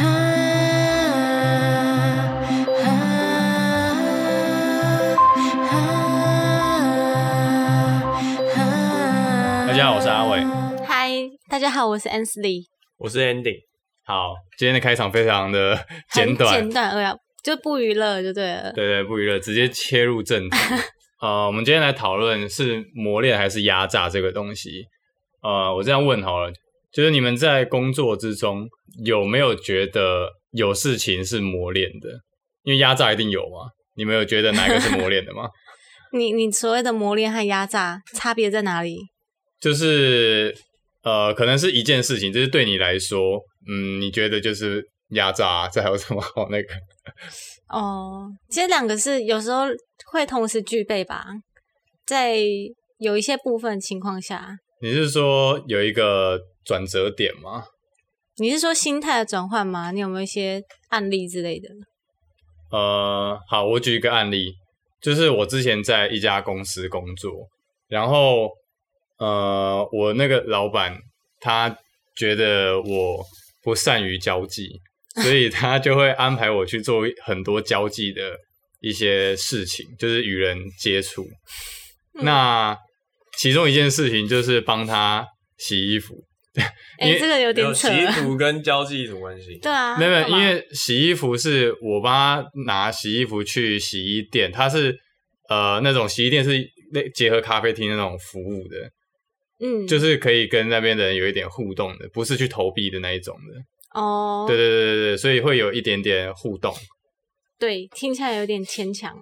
大家好，我是阿偉。嗨，大家好，我是 Annsley，我是 Andy。好，今天的開場非常的簡短，簡短而呀、啊，就不娛樂就對了，對，對對，不娛樂，直接切入正題。 呃，我們今天來討論是磨練還是壓榨這個東西。呃，我這樣問好了。就是你們在工作之中有沒有覺得有事情是磨練的？因為壓榨，一定有嘛？你們有覺得哪個是磨練的嗎？ 你你所謂的磨練和壓榨差別在哪裡？就是呃，可能是一件事情，就是對你來說，嗯，你覺得就是壓榨啊，這還有什麼好那個？ 哦，其實兩個是有時候會同時具備吧，在有一些部分情況下，你是說有一個？轉折點嗎？你是說心態的轉換嗎？你有沒有一些案例之類的？呃，好，我舉一個案例，就是我之前在一家公司工作，然後呃，我那個老闆他覺得我不善於交際，所以他就會安排我去做很多交際的一些事情，就是與人接觸。嗯。那其中一件事情就是幫他洗衣服。欸、 你這個有點扯。洗衣服跟交際什麼關係？ 對啊，沒有沒有，因為洗衣服是我爸拿洗衣服去洗衣店，他是呃那種洗衣店是那結合咖啡廳那種服務的，嗯，就是可以跟那邊的人有一點互動的，不是去投幣的那一種的。哦，對對對對對，所以會有一點點互動。對，聽起來有點牽強。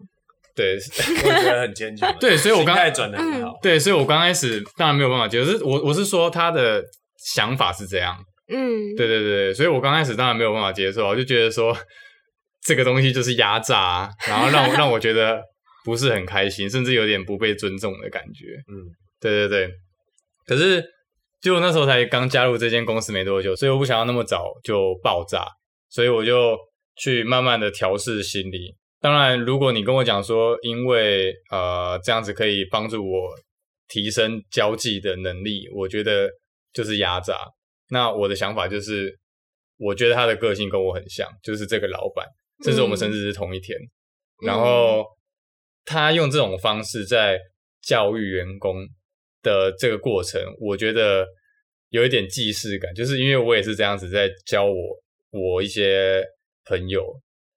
對， 我覺得很牽強。 對，所以我剛轉的很好。嗯、對，所以我剛開始當然沒有辦法解釋，我是我，我是說他的。想法是這樣，嗯，對對對，所以我剛開始當然沒有辦法接受，我就覺得說這個東西就是壓榨啊，然後讓 讓我覺得不是很開心，甚至有點不被尊重的感覺，嗯，對對對。可是就我那時候才剛加入這間公司沒多久，所以我不想要那麼早就爆炸，所以我就去慢慢的調適心理。當然，如果你跟我講說，因為呃這樣子可以幫助我提升交際的能力，我覺得。就是壓榨。那我的想法就是，我覺得他的個性跟我很像，就是這個老闆，甚至我們生日是同一天。嗯、然後他用這種方式在教育員工的這個過程，我覺得有一點既視感，就是因為我也是這樣子在教我我一些朋友，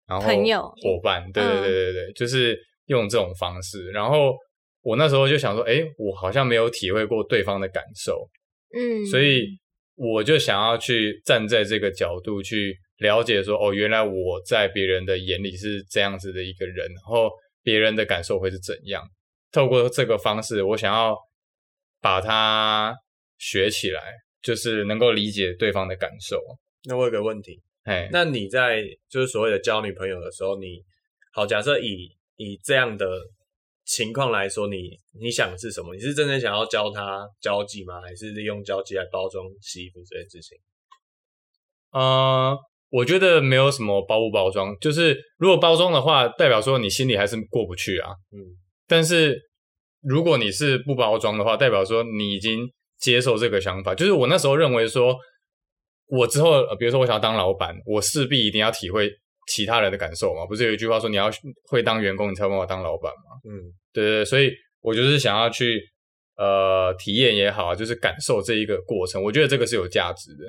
然後朋友夥伴，對對對對對，嗯、就是用這種方式。然後我那時候就想說，哎，我好像沒有體會過對方的感受。嗯，所以我就想要去站在這個角度去了解說，說哦，原來我在別人的眼裡是這樣子的一個人，然後別人的感受會是怎樣？透過這個方式，我想要把它學起來，就是能夠理解對方的感受。那我有個問題，哎嘿，那你在就是所謂的交女朋友的時候，你好，假設以以這樣的。情況來說你，你你想的是什麼？你是真正想要教他交際嗎？還是利用交際來包裝洗衣服這件事情？呃，我覺得沒有什麼包不包裝，就是如果包裝的話，代表說你心裡還是過不去啊。嗯，但是如果你是不包裝的話，代表說你已經接受這個想法。就是我那時候認為說，我之後，比如說我想要當老闆，我勢必一定要體會。其他人的感受嘛，不是有一句話說你要會當員工，你才會把我當老闆嘛。嗯，對，對對，所以我就是想要去呃體驗也好，就是感受這一個過程，我覺得這個是有價值的。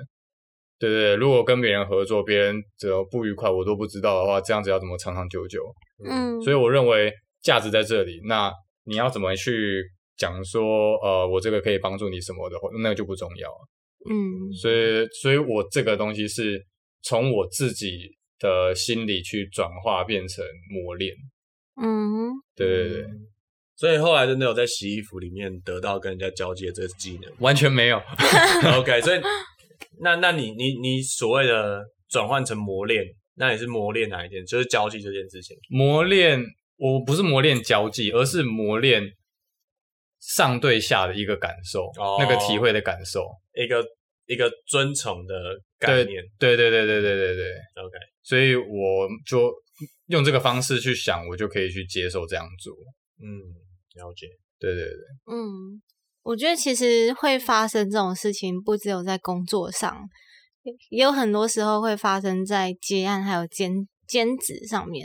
對對，對，如果跟別人合作，別人只要不愉快我都不知道的話，這樣子要怎麼長長久久？嗯，所以我認為價值在這裡。那你要怎麼去講說呃我這個可以幫助你什麼的話，那個就不重要。嗯，所以所以我這個東西是從我自己的心理去轉化變成磨練，嗯，對對對，所以後來真的有在洗衣服裡面得到跟人家交際的這個技能，完全沒有 ，OK。所以那那你你你所謂的轉換成磨練，那你是磨練哪一點？就是交際這件事情。磨練我不是磨練交際，而是磨練上對下的一個感受，哦、那個體會的感受，一個一個尊崇的概念對。對對對對對對對對，OK。所以我就用這個方式去想，我就可以去接受這樣做。嗯，了解。對對對，嗯，我覺得其實會發生這種事情，不只有在工作上，也有很多時候會發生在接案還有兼兼職上面，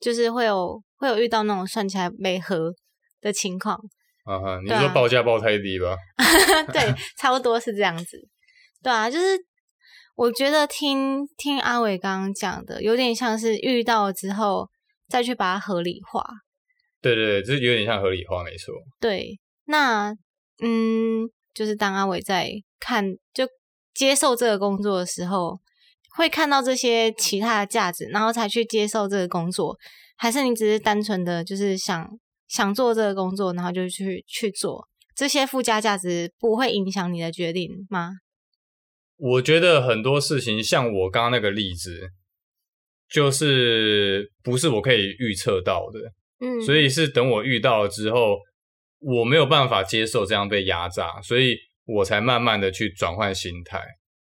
就是會有會有遇到那種算起來沒合的情況。啊哈，你說報價報太低吧？對啊， 對，差不多是這樣子。 對啊，就是。我覺得聽聽阿偉剛剛講的，有點像是遇到了之後再去把它合理化。對對對，就是有點像合理化，沒錯。對，那嗯，就是當阿偉在看、就接受這個工作的時候，會看到這些其他的價值，然後才去接受這個工作，還是你只是單純的就是想想做這個工作，然後就去去做？這些附加價值不會影響你的決定嗎？我覺得很多事情，像我剛剛那個例子，就是不是我可以預測到的，嗯，所以是等我遇到了之後，我沒有辦法接受這樣被壓榨，所以我才慢慢的去轉換心態。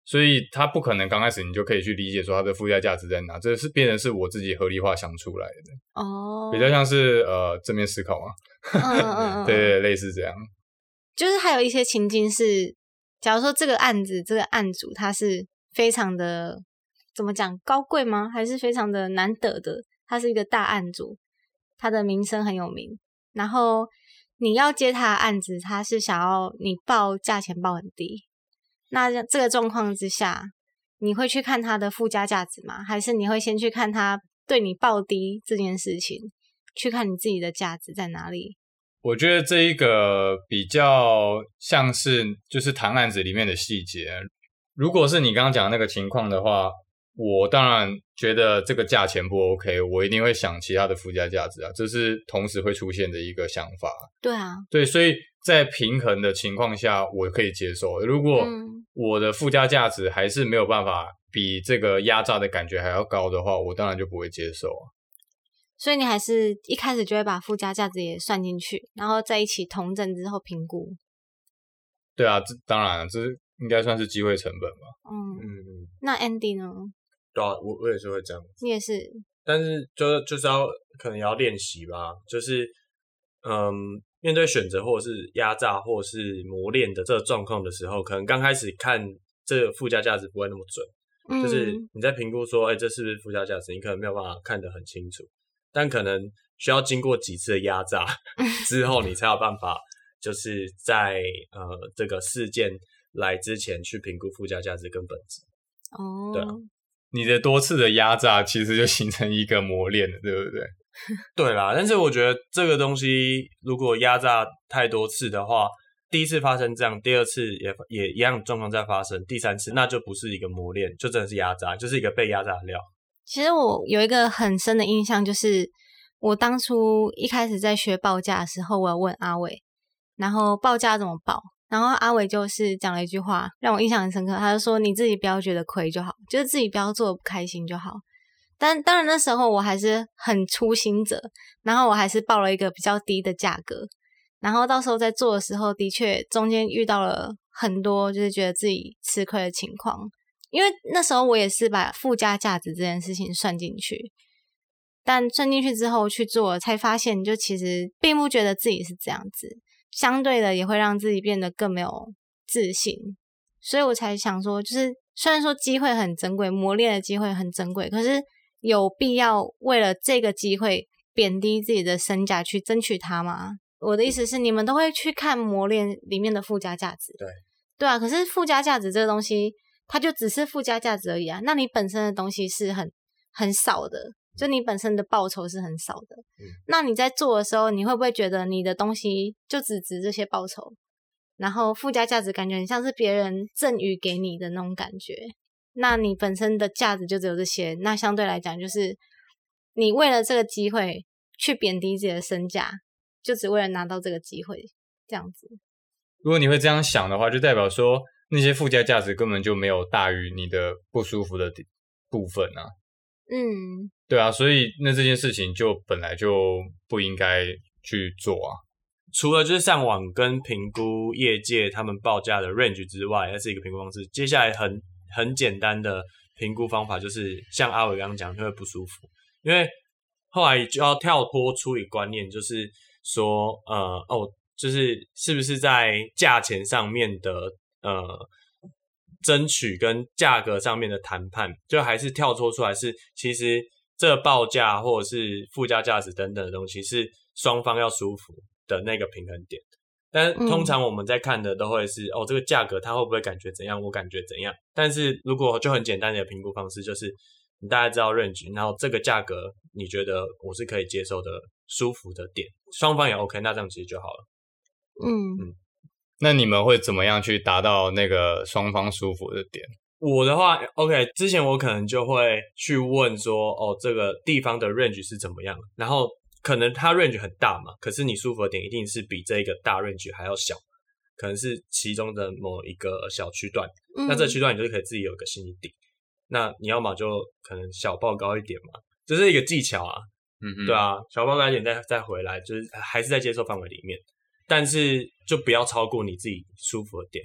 所以他不可能剛開始你就可以去理解說他的附加價值在哪，這是變成是我自己合理化想出來的哦，比較像是呃正面思考啊，對、 嗯嗯嗯、對，嗯、類似這樣，就是還有一些情境是。假如說這個案子，這個案主他是非常的怎麼講高貴嗎？還是非常的難得的？他是一個大案主，他的名聲很有名。然後你要接他的案子，他是想要你報價錢報很低。那這個狀況之下，你會去看他的附加價值嗎？還是你會先去看他對你報低這件事情，去看你自己的價值在哪裡？我覺得這一個比較像是就是談案子裡面的細節。如果是你剛剛講的那個情況的話，我當然覺得這個價錢不 OK，我一定會想其他的附加價值啊，這是同時會出現的一個想法。對啊，對，所以在平衡的情況下，我可以接受。如果我的附加價值還是沒有辦法比這個壓榨的感覺還要高的話，我當然就不會接受。所以你還是一開始就會把附加價值也算進去，然後在一起統整之後評估。對啊，這當然、啊，這應該算是機會成本吧。嗯嗯。那 Andy 呢？對啊，我我也是會這樣。你也是。但是就是就是要可能也要練習吧，就是嗯，面對選擇或是壓榨或是磨練的這個狀況的時候，可能剛開始看這個附加價值不會那麼準，嗯、就是你在評估說，哎、欸，這是不是附加價值？你可能沒有辦法看得很清楚。但可能需要經過幾次的壓榨之後，你才有辦法，就是在 呃這個事件來之前去評估附加價值跟本質。哦、oh.，對你的多次的壓榨其實就形成一個磨練了，對不對？ 對啦，但是我覺得這個東西如果壓榨太多次的話，第一次發生這樣，第二次也也一樣狀況再發生，第三次那就不是一個磨練，就真的是壓榨，就是一個被壓榨的料。其實我有一個很深的印象，就是我當初一開始在學報價的時候，我要問阿偉，然後報價怎麼報，然後阿偉就是講了一句話，讓我印象很深刻，他就說：“你自己不要覺得虧就好，就是自己不要做的不開心就好。但”但，當然那時候我還是很初心者，然後我還是報了一個比較低的價格，然後到時候在做的時候，的確中間遇到了很多就是覺得自己吃虧的情況。因為那時候我也是把附加價值這件事情算進去，但算進去之後去做，才發現就其實並不覺得自己是這樣子，相對的也會讓自己變得更沒有自信，所以我才想說，就是雖然說機會很珍貴，磨練的機會很珍貴，可是有必要為了這個機會貶低自己的身價去爭取它嗎？我的意思是，你們都會去看磨練裡面的附加價值對，對啊，可是附加價值這個東西。它就只是附加價值而已啊，那你本身的東西是很很少的，就你本身的報酬是很少的。嗯、那你在做的時候，你會不會覺得你的東西就只值這些報酬？然後附加價值感覺很像是別人贈予給你的那種感覺。那你本身的價值就只有這些，那相對來講就是你為了這個機會去貶低自己的身價，就只為了拿到這個機會這樣子。如果你會這樣想的話，就代表說。那些附加價值根本就沒有大於你的不舒服的部分啊，嗯，對啊，所以那這件事情就本來就不應該去做啊。除了就是上網跟評估業界他們報價的 range 之外，那是一個評估方式。接下來很很簡單的評估方法就是像阿偉剛剛講的，就會，會不舒服，因為後來就要跳脫出一個觀念，就是說呃哦，就是是不是在價錢上面的。呃，爭取跟價格上面的談判，就還是跳脫出來是，其實這報價或者是附加價值等等的東西，是雙方要舒服的那個平衡點。但通常我們在看的都會是，嗯、哦，這個價格它會不會感覺怎樣？我感覺怎樣？但是如果就很簡單的評估方式，就是你大家知道 range，然後這個價格你覺得我是可以接受的、舒服的點，雙方也 OK，那這樣其實就好了。嗯嗯。嗯那你們會怎麼樣去達到那個雙方舒服的點？我的話，OK，之前我可能就會去問說，哦，這個地方的 range 是怎麼樣？然後可能它 range 很大嘛，可是你舒服的點一定是比這個大 range 還要小，可能是其中的某一個小區段。嗯、那這區段你就可以自己有個心理底。那你要麼就可能小報高一點嘛，這，就是一個技巧啊。嗯嗯，對啊，小報高一點再再回來，就是還是在接受範圍裡面。但是就不要超過你自己舒服的點，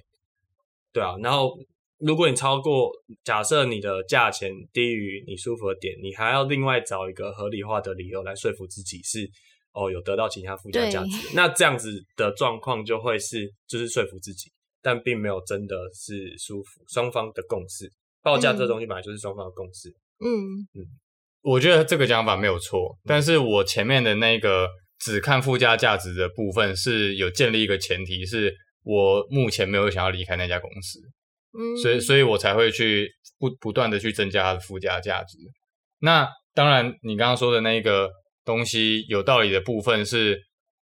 對啊。然後如果你超過，假設你的價錢低於你舒服的點，你還要另外找一個合理化的理由來說服自己，是哦，有得到其他附加價值。對那這樣子的狀況就會是，就是說服自己，但並沒有真的是舒服。雙方的共識，報價這東西本來就是雙方的共識。嗯嗯，嗯，我覺得這個講法沒有錯，嗯、但是我前面的那個。只看附加價值的部分是有建立一個前提，是我目前沒有想要離開那家公司，嗯，所以所以我才會去不不斷的去增加它的附加價值。那當然，你剛剛說的那個東西有道理的部分是，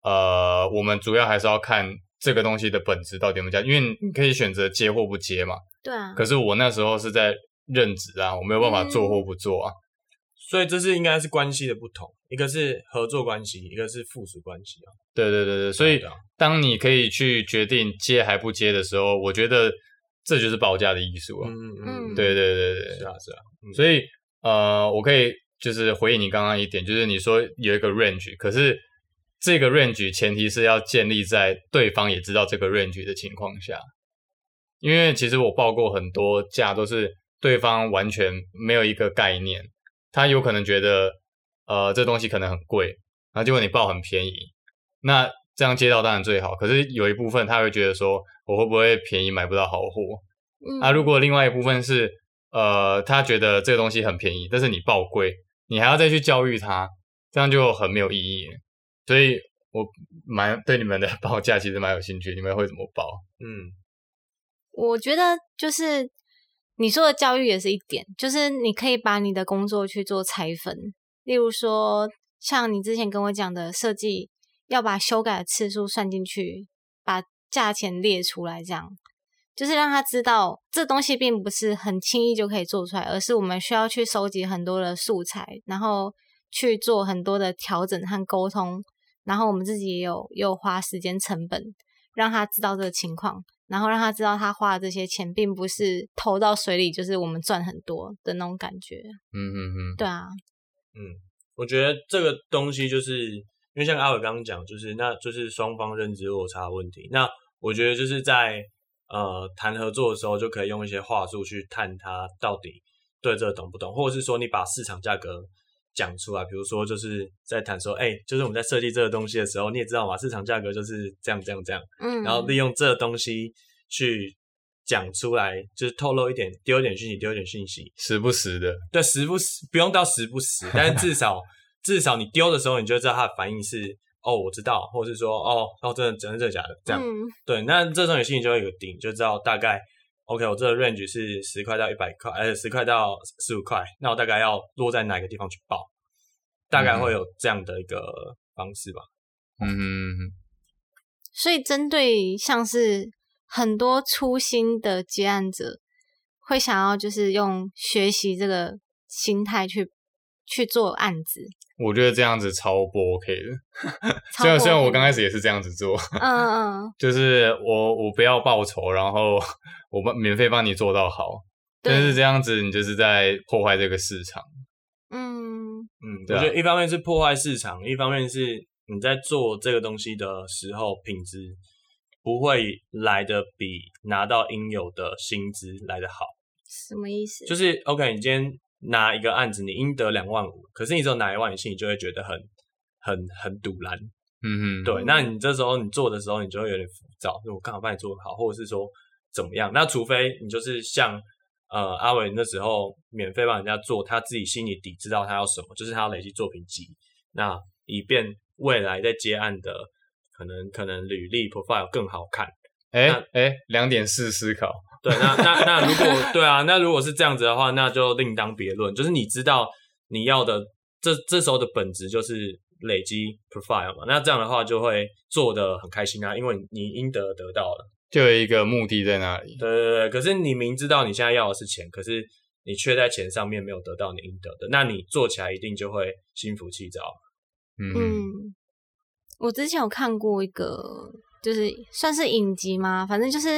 呃，我們主要還是要看這個東西的本質到底有沒有價值，因為你可以選擇接或不接嘛。對啊。可是我那時候是在任職啊，我沒有辦法做或不做啊。嗯所以這是應該是關係的不同，一個是合作關係，一個是附屬關係對、啊、對對對，所以當你可以去決定接還不接的時候，我覺得這就是報價的藝術啊。嗯嗯嗯，嗯對對對對，是啊是啊。是啊嗯、所以呃，我可以就是回應你剛剛一點，就是你說有一個 range，可是這個 range 前提是要建立在對方也知道這個 range 的情況下，因為其實我報過很多價，都是對方完全沒有一個概念。他有可能覺得，呃，這東西可能很貴，後、啊、結果你報很便宜，那這樣接到當然最好。可是有一部分他會覺得說，我會不會便宜買不到好貨？那、嗯啊、如果另外一部分是，呃，他覺得這個東西很便宜，但是你報貴，你還要再去教育他，這樣就很沒有意義了。所以我蠻對你們的報價其實蠻有興趣，你們會怎麼報？嗯，我覺得就是。你說的教育也是一點，就是你可以把你的工作去做拆分，例如說像你之前跟我講的設計，要把修改的次數算進去，把價錢列出來這樣，就是讓他知道這東西並不是很輕易就可以做出來，而是我們需要去收集很多的素材，然後去做很多的調整和溝通，然後我們自己也有也有花時間成本，讓他知道這個情況。然後讓他知道，他花的這些錢並不是投到水裡，就是我們賺很多的那種感覺。嗯嗯嗯，嗯嗯對啊，嗯，我覺得這個東西就是因為像阿偉剛剛講，就是那就是雙方認知落差的問題。那我覺得就是在呃談合作的時候，就可以用一些話術去探他到底對這個懂不懂，或者是說你把市場價格。講出來，比如說就是在談說，哎、欸，就是我們在設計這個東西的時候，你也知道嘛，市場價格就是這樣這樣這樣，嗯，然後利用這個東西去講出來，就是透露一點丟一點訊息，丟一點訊息，時不時的，對，時不時不用到時不時，但是至少 至少你丟的時候，你就知道他的反應是，哦，我知道，或者是說，哦，哦，真的真的真的，真的假的，這樣，嗯、對，那這種有信息就會有一個底，就知道大概。OK，我這個 range 是十塊到一百塊，呃、欸，十塊到十五塊，那我大概要落在哪個地方去報？Mm hmm. 大概會有這樣的一個方式吧。嗯、mm，hmm. 所以針對像是很多初心的接案者，會想要就是用學習這個心態去。去做案子，我覺得這樣子超不 OK 的。雖 然雖然我剛開始也是這樣子做， 嗯嗯，就是我我不要報酬，然後我幫免費幫你做到好，對但是這樣子你就是在破壞這個市場。嗯嗯，嗯對吧我覺得一方面是破壞市場，一方面是你在做這個東西的時候，品質不會來得比拿到應有的薪資來得好。什麼意思？就是 OK，你今天。拿一個案子，你應得兩萬五，可是你只有拿一萬，你心裡就會覺得很很很賭爛，嗯嗯哼，對，那你這時候你做的時候，你就會有點浮躁，那我剛好幫你做好，或者是說怎麼樣？那除非你就是像呃阿偉那時候免費幫人家做，他自己心裡底知道他要什麼，就是他要累積作品集，那以便未來在接案的可能可能履歷 profile 更好看。誒誒，兩點式思考。 對，那那那如果對啊，那如果是這樣子的話，那就另當別論。就是你知道你要的這這時候的本質就是累積 profile 嘛，那這樣的話就會做得很開心啊，因為你應得得，得到了，就有一個目的在那裡。對對對，可是你明知道你現在要的是錢，可是你卻在錢上面沒有得到你應得的，那你做起來一定就會心浮氣躁。嗯，哼嗯，我之前有看過一個，就是算是影集嗎？反正就是。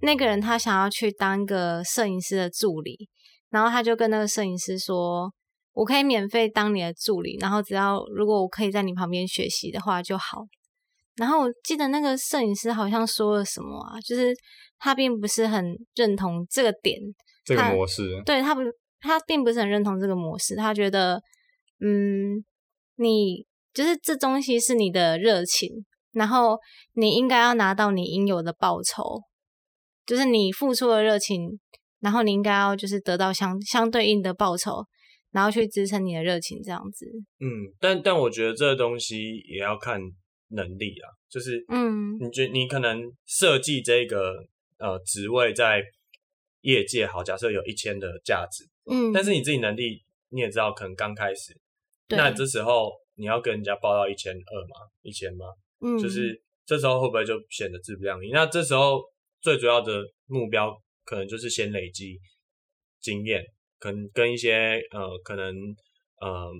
那個人他想要去當一個攝影師的助理，然後他就跟那個攝影師說：“我可以免費當你的助理，然後只要如果我可以在你旁邊學習的話就好。”然後我記得那個攝影師好像說了什麼，啊，就是他並不是很認同這個點，這個模式，他，對，他不，他並不是很認同這個模式。他覺得，嗯，你，就是這東西是你的熱情，然後你應該要拿到你應有的報酬。就是你付出了熱情，然後你應該要就是得到相相對應的報酬，然後去支撐你的熱情這樣子。嗯，但但我覺得這個東西也要看能力啦。就是，嗯，你覺得你可能設計這個呃職位在業界好，假設有一千的價值，嗯，但是你自己能力你也知道，可能剛開始，對那你這時候你要跟人家報到一千二嘛，一千嘛，嗯，就是這時候會不會就顯得自不量力？那這時候。最主要的目標可能就是先累積經驗，可能跟一些呃可能嗯、呃、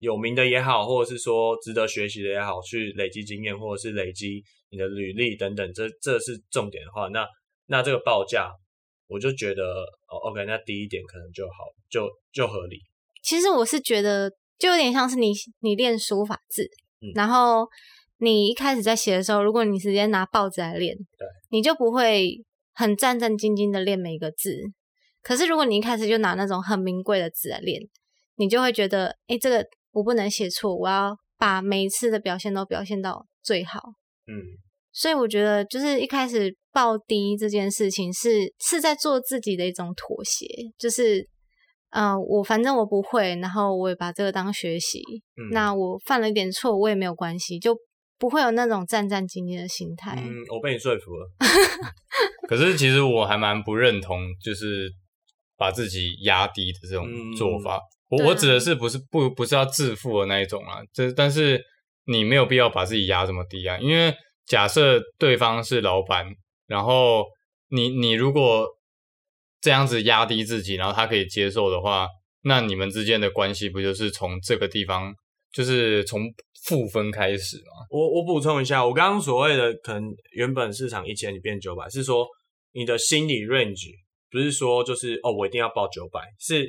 有名的也好，或者是說值得學習的也好，去累積經驗，或者是累積你的履歷等等，這這是重點的話，那那這個報價我就覺得 OK，那低一點可能就好，就就合理。其實我是覺得就有點像是你你練書法字，嗯、然後。你一開始在寫的時候，如果你直接拿報紙來練，對你就不會很戰戰兢兢的練每一個字。可是如果你一開始就拿那種很名貴的紙來練，你就會覺得，哎、欸，這個我不能寫錯，我要把每一次的表現都表現到最好。嗯，所以我覺得就是一開始報低這件事情是是在做自己的一種妥協，就是，嗯、呃，我反正我不會，然後我也把這個當學習。嗯、那我犯了一點錯，我也沒有關係，就。不會有那種戰戰兢兢的心態。嗯，我被你說服了。 可是其實我還蠻不認同，就是把自己壓低的這種做法。嗯、我、啊、我指的是不是不不是要自負的那一種啊？這但是你沒有必要把自己壓這麼低啊。因為假設對方是老闆，然後你你如果這樣子壓低自己，然後他可以接受的話，那你們之間的關係不就是從這個地方，就是從負分開始嘛。我我補充一下，我剛剛所謂的可能原本市場一千，你變九百，是說你的心理 range 不是說就是哦，我一定要報九百，是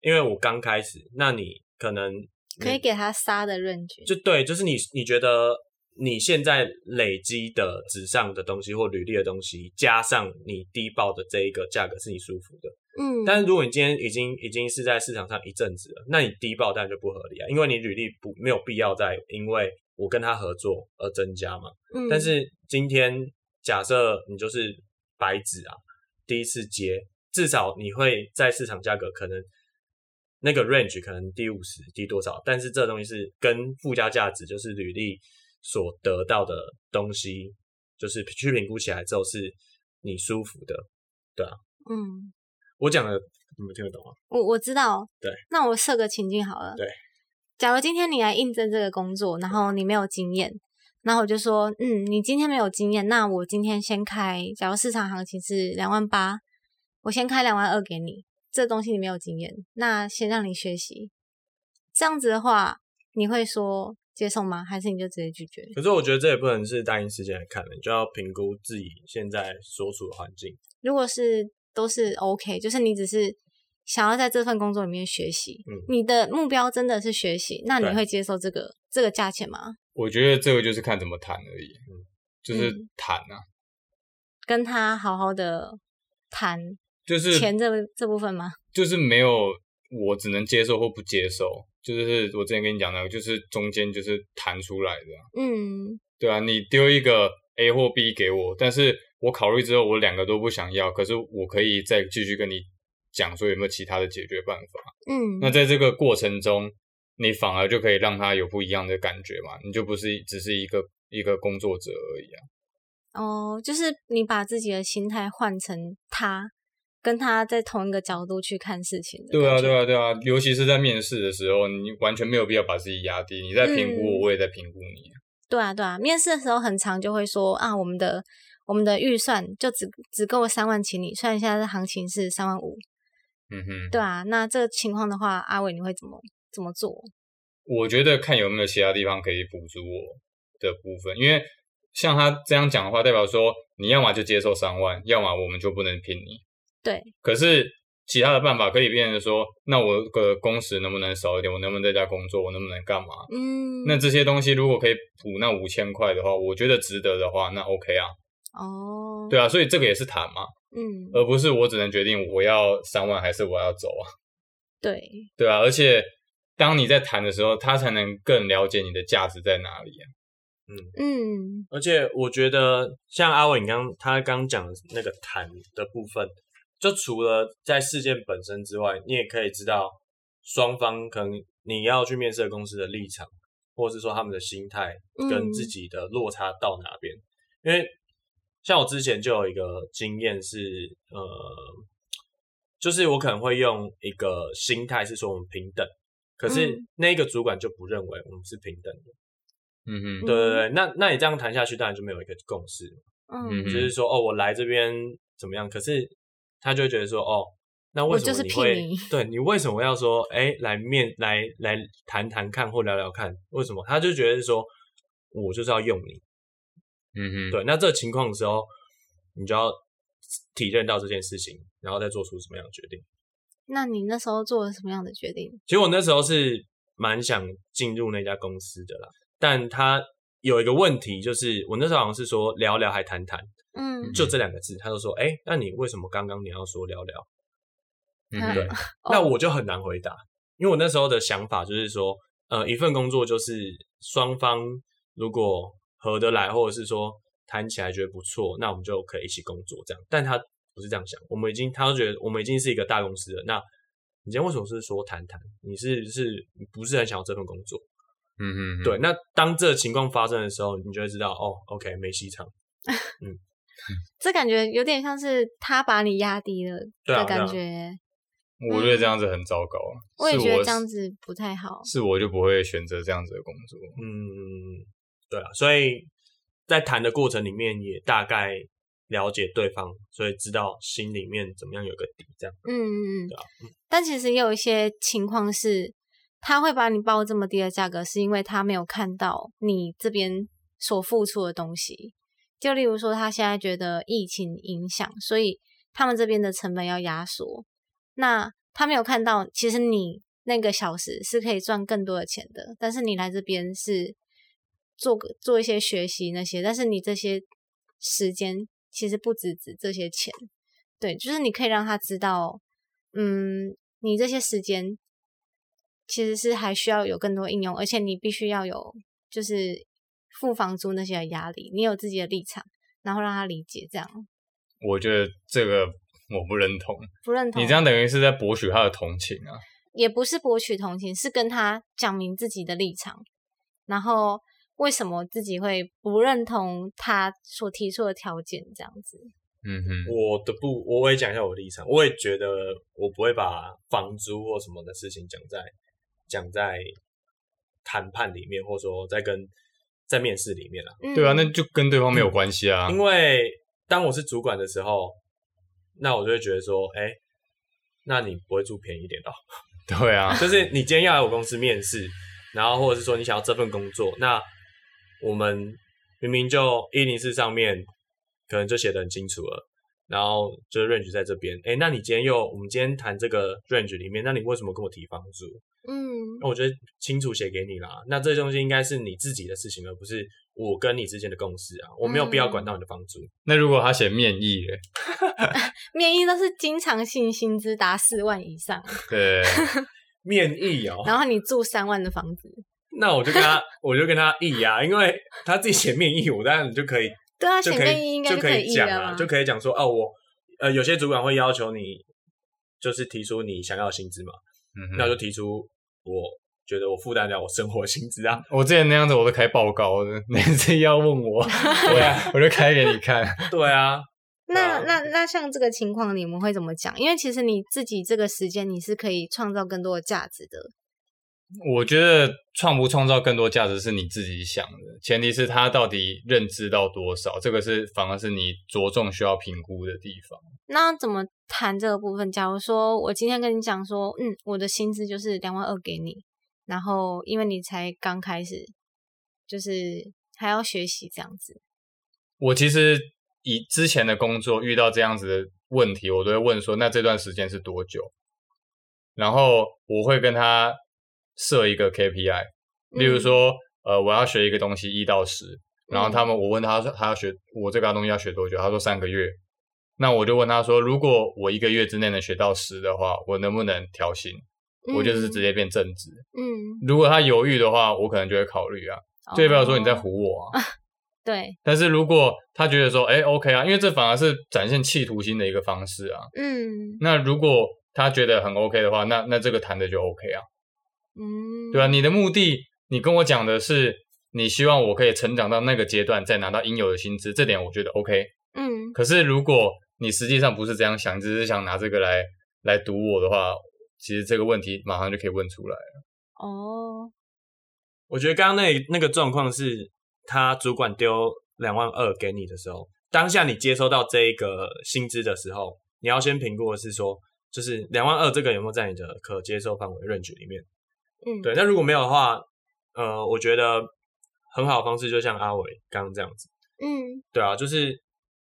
因為我剛開始，那你可能你可以給他殺的 range，就對，就是你你覺得。你現在累積的紙上的東西或履歷的東西，加上你低報的這一個價格是你舒服的，嗯。但是如果你今天已經已經是在市場上一陣子了，那你低報當然就不合理啊，因為你履歷不沒有必要再因為我跟他合作而增加嘛，嗯。但是今天假設你就是白紙啊，第一次接，至少你會在市場價格可能那個 range 可能低五十低多少，但是這東西是跟附加價值就是履歷。所得到的東西，就是去評估起來之後，是你舒服的，對啊，嗯，我講的你們聽得懂啊？我我知道，對，那我設個情境好了，對，假如今天你來應徵這個工作，然後你沒有經驗，然後我就說，嗯，你今天沒有經驗，那我今天先開，假如市場行情是兩萬八，我先開兩萬二給你，這個東西你沒有經驗，那先讓你學習，這樣子的話，你會說。接受嗎？還是你就直接拒絕？可是我覺得這也不能是單憑時間來看的，你就要評估自己現在所處的環境。如果是都是 OK，就是你只是想要在這份工作裡面學習，嗯、你的目標真的是學習，那你會接受這個對這個價錢嗎？我覺得這個就是看怎麼談而已，就是談啊，嗯、跟他好好的談，就是錢這這部分嗎？就是沒有，我只能接受或不接受。就是我之前跟你講的，就是中間就是彈出來的，嗯，對啊，你丟一個 A 或 B 給我，但是我考慮之後，我兩個都不想要，可是我可以再繼續跟你講說有沒有其他的解決辦法，嗯，那在這個過程中，你反而就可以讓他有不一樣的感覺嘛，你就不是只是一個一個工作者而已啊，哦，就是你把自己的心態換成他。跟他在同一個角度去看事情。對啊，對啊，對啊，尤其是在面試的時候，你完全沒有必要把自己壓低。你在評估我，我、嗯、我也在評估你。對啊，對啊，面試的時候很常，就會說啊，我們的我們的預算就只只夠三萬，請你，算一下這行情是三萬五。嗯哼。對啊，那這個情況的話，阿偉你會怎麼怎麼做？我覺得看有沒有其他地方可以補助我的部分，因為像他這樣講的話，代表說你要麼就接受三萬，要麼我們就不能聘你。對，可是其他的辦法可以變成說，那我的工時能不能少一點？我能不能在家工作？我能不能幹嘛？嗯，那這些東西如果可以補那五千塊的話，我覺得值得的話，那 OK 啊。哦，對啊，所以這個也是談嘛，嗯，而不是我只能決定我要三萬還是我要走啊。對，對啊，而且當你在談的時候，他才能更了解你的價值在哪裡嗯、啊、嗯，嗯，而且我覺得像阿偉你剛他剛講的那個談的部分。就除了在事件本身之外，你也可以知道雙方可能你要去面試公司的立場，或是說他們的心態跟自己的落差到哪邊。嗯、因為像我之前就有一個經驗是，呃，就是我可能會用一個心態是說我們平等，可是那個主管就不認為我們是平等的。嗯嗯，對對對。嗯、那那你這樣談下去，當然就沒有一個共識。嗯嗯，就是說哦，我來這邊怎麼樣？可是。他就會覺得說，哦，那為什麼你會？對你為什麼要說，哎、欸，來面來來談談看或聊聊看？為什麼？他就覺得說，我就是要用你。嗯哼，對。那這個情況的時候，你就要體認到這件事情，然後再做出什麼樣的決定？那你那時候做了什麼樣的決定？其實我那時候是蠻想進入那家公司的啦，但他。有一個問題，就是我那時候好像是說聊聊還談談，嗯，就這兩個字，他就說，哎、欸，那你為什麼剛剛你要說聊聊，嗯、對， 那我就很難回答，因為我那時候的想法就是說，呃，一份工作就是雙方如果合得來，或者是說談起來覺得不錯，那我們就可以一起工作這樣。但他不是這樣想，我們已經，他都覺得我們已經是一個大公司了。那你今天為什麼是說談談？你是，是不是很想要這份工作？嗯嗯，對，那當這個情況發生的時候，你就會知道哦，OK，沒戲唱。嗯， 這感覺有點像是他把你壓低了的、啊、感覺。我覺得這樣子很糟糕、啊，嗯、我，我也覺得這樣子不太好。是我就不會選擇這樣子的工作。嗯，對啊，所以在談的過程裡面也大概了解對方，所以知道心裡面怎麼樣有個底，這樣。嗯嗯嗯，對啊。但其實也有一些情況是。他會把你報這麼低的價格，是因為他沒有看到你這邊所付出的東西。就例如說，他現在覺得疫情影響，所以他們這邊的成本要壓縮。那他沒有看到，其實你那個小時是可以賺更多的錢的。但是你來這邊是做個做一些學習那些，但是你這些時間其實不只值這些錢。對，就是你可以讓他知道，嗯，你這些時間。其實是還需要有更多應用，而且你必須要有就是付房租那些的壓力，你有自己的立場，然後讓他理解這樣。我覺得這個我不認同。不認同？你這樣等於是在博取他的同情啊。也不是博取同情，是跟他講明自己的立場，然後為什麼自己會不認同他所提出的條件這樣子。嗯哼，我的不，我也講一下我的立場，我也覺得我不會把房租或什麼的事情講在，講在談判裡面，或者說在跟在面試裡面啦、啊，對啊，那就跟對方沒有關係啊、嗯。因為當我是主管的時候，那我就會覺得說，哎、欸，那你不會住便宜一點的、喔？對啊，就是你今天要來我公司面試，然後或者是說你想要這份工作，那我們明明就104上面可能就寫得很清楚了。然後這個 range 在這邊，哎，那你今天又我們今天談這個 range 裡面，那你為什麼跟我提房租？嗯，那我覺得清楚寫給你啦。那這東西應該是你自己的事情，而不是我跟你之間的共識啊。我沒有必要管到你的房租。嗯、那如果他寫面議嘞？ 面議都是經常性薪資達四萬以上。對， 面議哦。然後你住三萬的房子，那我就跟他， 我就跟他議啊，因為他自己寫面議，我當然就可以。對啊，就可以，應該就可以講啊，就可以講說哦、啊啊，我呃有些主管會要求你，就是提出你想要的薪資嘛，嗯、哼那就提出我覺得我負擔了我生活薪資啊。我之前那樣子我都開報告，每次要問我， 我 我就開給你看。 對啊，那那那，那像這個情況你們會怎麼講？因為其實你自己這個時間你是可以創造更多的價值的。我覺得創不創造更多價值是你自己想的，前提是他到底認知到多少，這個是反而是你着重需要評估的地方。那怎麼談這個部分？假如說我今天跟你講說，嗯，我的薪資就是兩萬二給你，然後因為你才剛開始，就是還要學習這樣子。我其實以之前的工作遇到這樣子的問題，我都會問說，那這段時間是多久？然後我會跟他。設一個 KPI，例如說，嗯、呃，我要學一個東西一到十，然後他們、嗯、我問他說，他要學我這個東西要學多久？他說三個月，那我就問他說，如果我一個月之內能學到十的話，我能不能調薪？嗯、我就是直接變正職。嗯，如果他猶豫的話，我可能就會考慮啊，對，不要說你在唬我啊，對。但是如果他覺得說，哎、欸，OK 啊，因為這反而是展現企圖心的一個方式啊。嗯，那如果他覺得很 OK 的話，那那這個談的就 OK 啊。嗯，對啊，你的目的，你跟我講的是，你希望我可以成長到那個階段，再拿到應有的薪資。這點我覺得 OK。嗯，可是如果你實際上不是這樣想，你只是想拿這個來來賭我的話，其實這個問題馬上就可以問出來了。哦，我覺得剛剛那那個狀況是，他主管丟兩萬二給你的時候，當下你接收到這一個薪資的時候，你要先評估的是說，就是兩萬二這個有沒有在你的可接受範圍認圍裡面。嗯，對，那如果沒有的話，呃，我覺得很好的方式就像阿偉剛剛這樣子，嗯，對啊，就是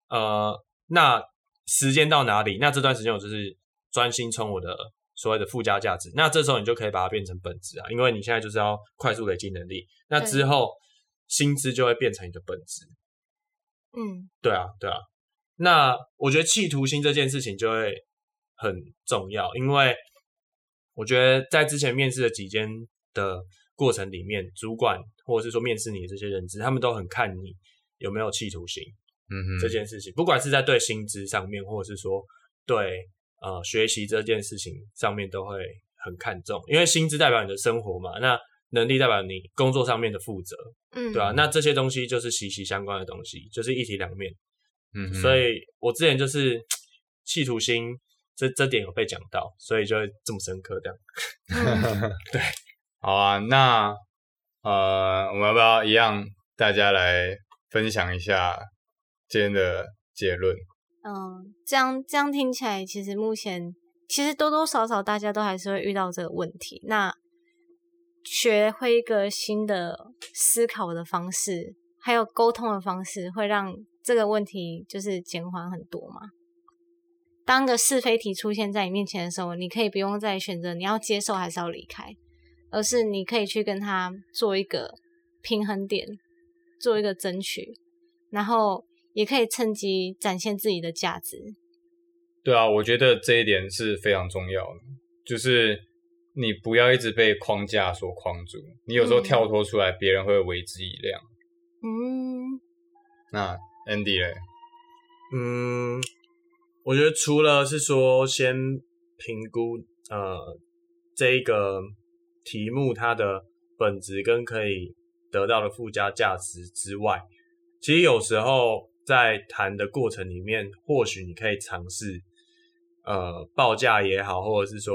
呃，那時間到哪裡？那這段時間我就是專心衝我的所謂的附加價值。那這時候你就可以把它變成本質啊，因為你現在就是要快速累積能力，那之後薪資就會變成你的本質。嗯，對啊，對啊，那我覺得企圖心這件事情就會很重要，因為。我覺得在之前面試的幾間的過程裡面，主管或者是說面試你的這些人資他們都很看你有沒有企圖心。嗯哼，這件事情，不管是在對薪資上面，或者是說對呃學習這件事情上面，都會很看重。因為薪資代表你的生活嘛，那能力代表你工作上面的負責，嗯，對吧、啊？那這些東西就是息息相關的東西，就是一體兩面。嗯哼，所以我之前就是企圖心。這這點有被講到，所以就會這麼深刻這樣。嗯、 對，好啊，那呃，我們要不要一樣，大家來分享一下今天的結論？嗯，這樣這樣聽起來，其實目前其實多多少少大家都還是會遇到這個問題。那學會一個新的思考的方式，還有溝通的方式，會讓這個問題就是減緩很多嘛？當個是非題出現在你面前的時候，你可以不用再選擇你要接受還是要離開，而是你可以去跟他做一個平衡點，做一個爭取，然後也可以趁機展現自己的價值。對啊，我覺得這一點是非常重要的，就是你不要一直被框架所框住，你有時候跳脫出來，嗯、別人會為之一亮、嗯。嗯，那 Andy 呢？嗯。我覺得除了是說先評估呃這一個題目它的本質跟可以得到的附加價值之外，其實有時候在談的過程裡面，或許你可以嘗試呃報價也好，或者是說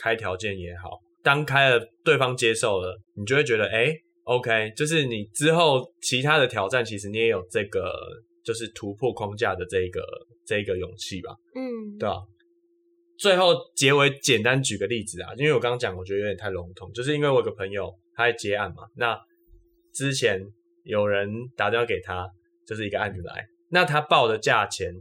開條件也好，當開了對方接受了，你就會覺得，誒，OK，就是你之後其他的挑戰其實你也有這個。就是突破框架的這一個、這一個勇氣吧，嗯，對啊。最後結尾簡單舉個例子啊，因為我剛剛講我覺得有點太籠統，就是因為我有個朋友他在接案嘛，那之前有人打電話給他，就是一個案子來，那他報的價錢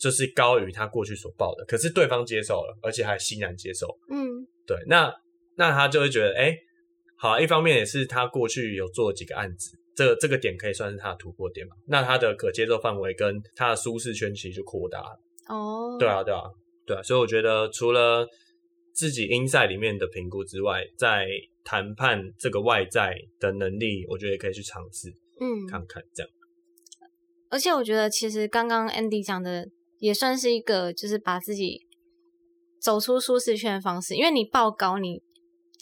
就是高於他過去所報的，可是對方接受了，而且還欣然接受，嗯，對，那那他就會覺得，欸，好，一方面也是他過去有做幾個案子。這這個點可以算是他的突破點嘛？那他的可接受範圍跟他的舒適圈其實就擴大了。哦，oh. 對啊，對啊，對啊，所以我覺得除了自己 insight 裡面的評估之外，在談判這個外在的能力，我覺得也可以去嘗試看看，嗯，看看這樣。而且我覺得，其實剛剛 Andy 講的也算是一個，就是把自己走出舒適圈的方式，因為你報高，你。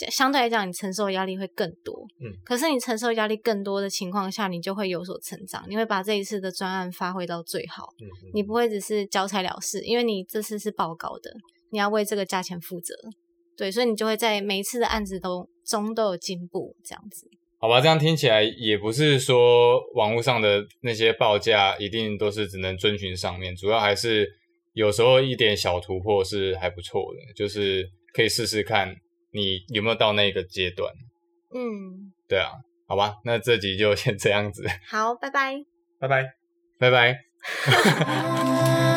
相對來講，你承受的壓力會更多。嗯，可是你承受壓力更多的情況下，你就會有所成長。你會把這一次的專案發揮到最好。嗯哼，你不會只是交差了事，因為你這次是報高的，你要為這個價錢負責。對，所以你就會在每一次的案子都中都有進步，這樣子。好吧，這樣聽起來也不是說網絡上的那些報價一定都是只能遵循上面，主要還是有時候一點小突破是還不錯的，就是可以試試看。你有沒有到那個階段？嗯，對啊，好吧，那這集就先這樣子。好，拜拜。拜拜，拜拜，拜拜。